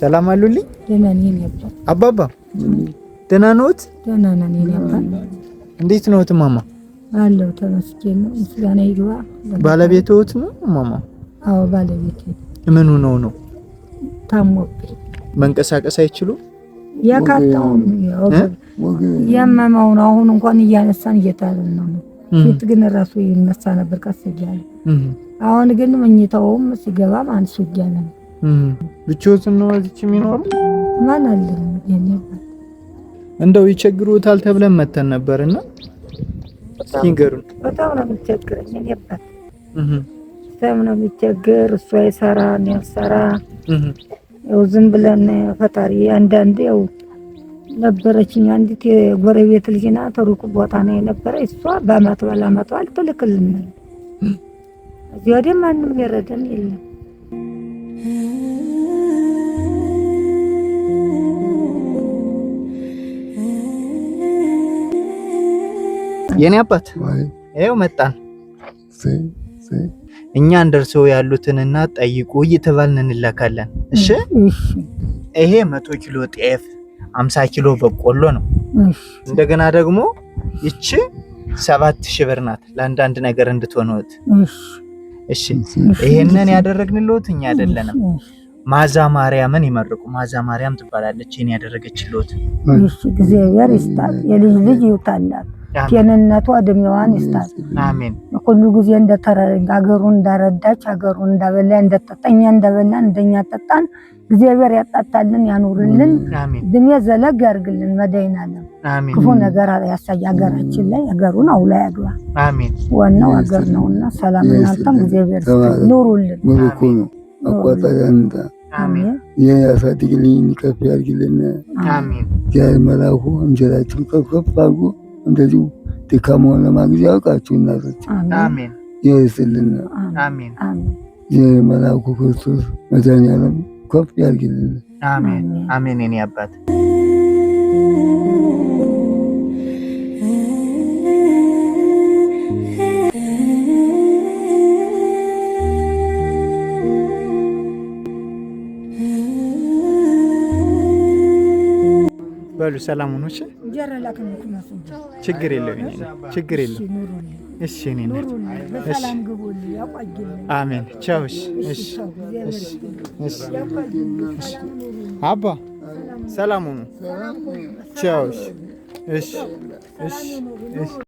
ሰላም አሉልኝ። አባባ ደህና ነዎት? ደህና ነን። እንዴት ነዎት ማማ? አለሁ ተመስገን ነው። ምስጋና ይግባ። ባለቤትዎት ነው ማማ? አዎ ባለቤት። ምኑ ነው ነው? ታሞብኝ መንቀሳቀስ አይችሉ ያካጣውን ያመመው ነው። አሁን እንኳን እያነሳን እየታልን ነው። ፊት ግን ራሱ ይነሳ ነበር ቀስ እያለ። አሁን ግን መኝታውም ሲገባም አንሱ እያለ ነው ብቻዎትን ነው እዚህ የሚኖሩ? ማን አለ? እንደው ይቸግሩታል ተብለን መተን ነበርና ሲንገሩን በጣም ነው የሚቸግረኝ። እኔ አባት በጣም ነው የሚቸግር። እሷ ይሰራ ነው ያሰራ ያው ዝም ብለን ፈጣሪ አንዳንድ ያው ነበረችኝ አንዲት የጎረቤት ልጅ ናት። ሩቅ ቦታ ነው የነበረ እሷ በአመት ባላመቷ አልትልክልን እዚህ ወደ ማንም የረደን የለም የኔ አባት ይኸው መጣን። እኛ እንደርሰው ያሉትንና ጠይቁ እየተባልን እንላካለን። እሺ ይሄ መቶ ኪሎ ጤፍ፣ አምሳ ኪሎ በቆሎ ነው። እንደገና ደግሞ ይቺ ሰባት ሺህ ብር ናት ለአንዳንድ ነገር እንድትሆነት። እሺ ይሄንን ያደረግንልዎት እኛ አይደለንም። ማዛ ማርያምን ይመርቁ። ማዛ ማርያም ትባላለች። ይሄን ያደረገችልዎት እግዚአብሔር ይስጣት፣ የልጅ ልጅ ይውጣላት። ጤንነቷ እድሜዋን ይስጣት። ሁሉ ጊዜ እንደተረዳ ሀገሩን እንዳረዳች ሀገሩን እንዳበላ እንደጠጣኛ እንዳበላን እንደኛ ጠጣን እግዚአብሔር ያጣጣልን ያኑርልን፣ እድሜ ዘለግ ያርግልን። መድኃኒዓለም ክፉ ነገር ያሳይ ሀገራችን ላይ ሀገሩን አውላ ያግባ። ዋናው ሀገር ነውና ሰላም እናንተም እግዚአብሔር ኑሩልን። አቋጣጫንጣ የፈትግልኝ ከፍ ያርግልን። እግዚአብሔር መላኩ እንጀራችን ከፍ ከፍ አድርጎ እንደዚሁ ድካማውን ለማግዝ ያውቃችሁ እናቶች ይስልና የመልአኩ ክርስቶስ መድኃኔዓለም ከፍ ያድርግልን። አሜን አሜን። የኔ አባት በሉ ሰላም ሁኑ። እሺ ችግር የለም ችግር የለም። እሺ እኔ አሜን። ቻው። እሺ እሺ አባ ሰላም ሁኑ። ቻው። እሺ እሺ እሺ